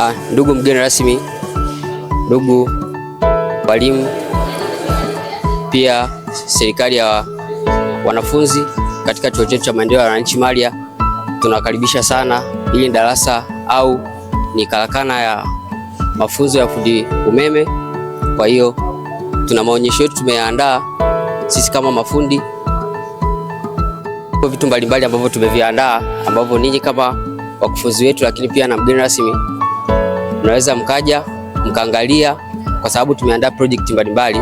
Ah, ndugu mgeni rasmi, ndugu walimu, pia serikali ya wanafunzi katika chuo chetu cha maendeleo ya wananchi Maria, tunakaribisha sana. Hili darasa au ni karakana ya mafunzo ya fundi umeme. Kwa hiyo tuna maonyesho yetu tumeandaa sisi kama mafundi vitu mbalimbali ambavyo tumeviandaa ambavyo ninyi kama wakufunzi wetu, lakini pia na mgeni rasmi mnaweza mkaja mkaangalia, kwa sababu tumeandaa project mbalimbali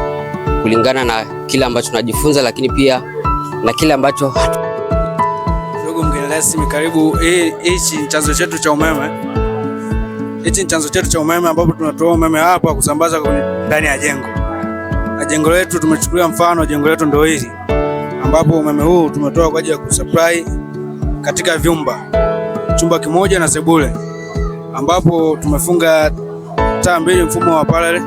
kulingana na kile ambacho tunajifunza, lakini pia na kile ambacho ndugu mgeni rasmi, karibu. Hichi ni chanzo chetu cha umeme, hichi ni chanzo chetu cha umeme ambapo tunatoa umeme hapa kusambaza ndani ya jengo na jengo letu tumechukulia mfano, jengo letu ndio hili ambapo umeme huu tumetoa kwa ajili ya kusupply katika vyumba, chumba kimoja na sebule ambapo tumefunga taa mbili mfumo wa parallel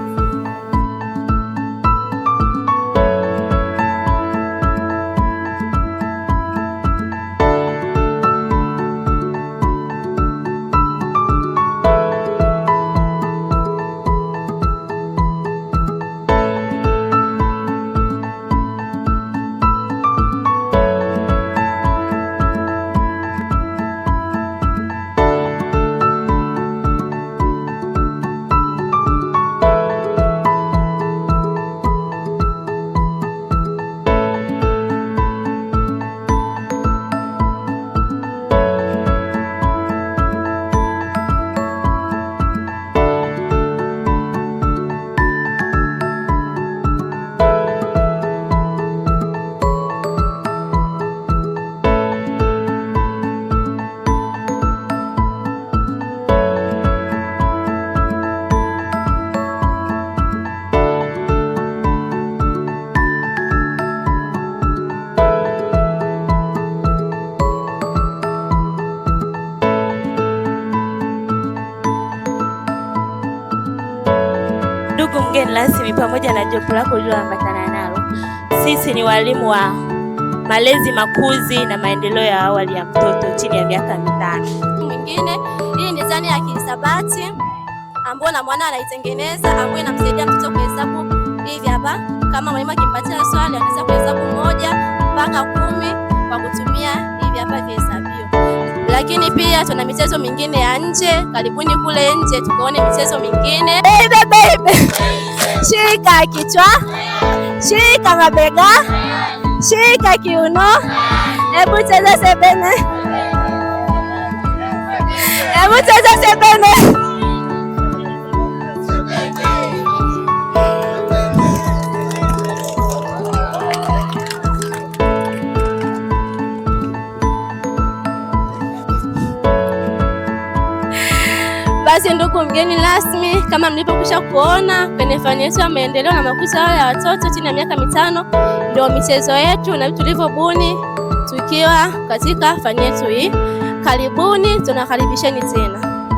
Ndugu mgeni rasmi, pamoja na jopo lako uliloambatana nalo, sisi ni walimu wa malezi, makuzi na maendeleo ya awali ya mtoto chini ya miaka mitano. Mwingine, hii ni zana ya kihisabati ambayo na mwana anaitengeneza, ambayo inamsaidia mtoto kuhesabu hivi hapa, kama mwalimu akimpatia swali anaweza kuhesabu moja mpaka kumi kwa kutumia lakini pia tuna michezo mingine ya nje. Karibuni kule nje tukaone michezo mingine. Baby, baby. Shika kichwa, shika mabega, shika kiuno, hebu cheza sebene, hebu cheza sebene. Basi ndugu mgeni rasmi, kama mlivyokwisha kuona kwenye fani yetu ya maendeleo na makuzi ya watoto chini ya miaka mitano, ndio michezo yetu na tulivyobuni tukiwa katika fani yetu hii. Karibuni, tunakaribisheni tena.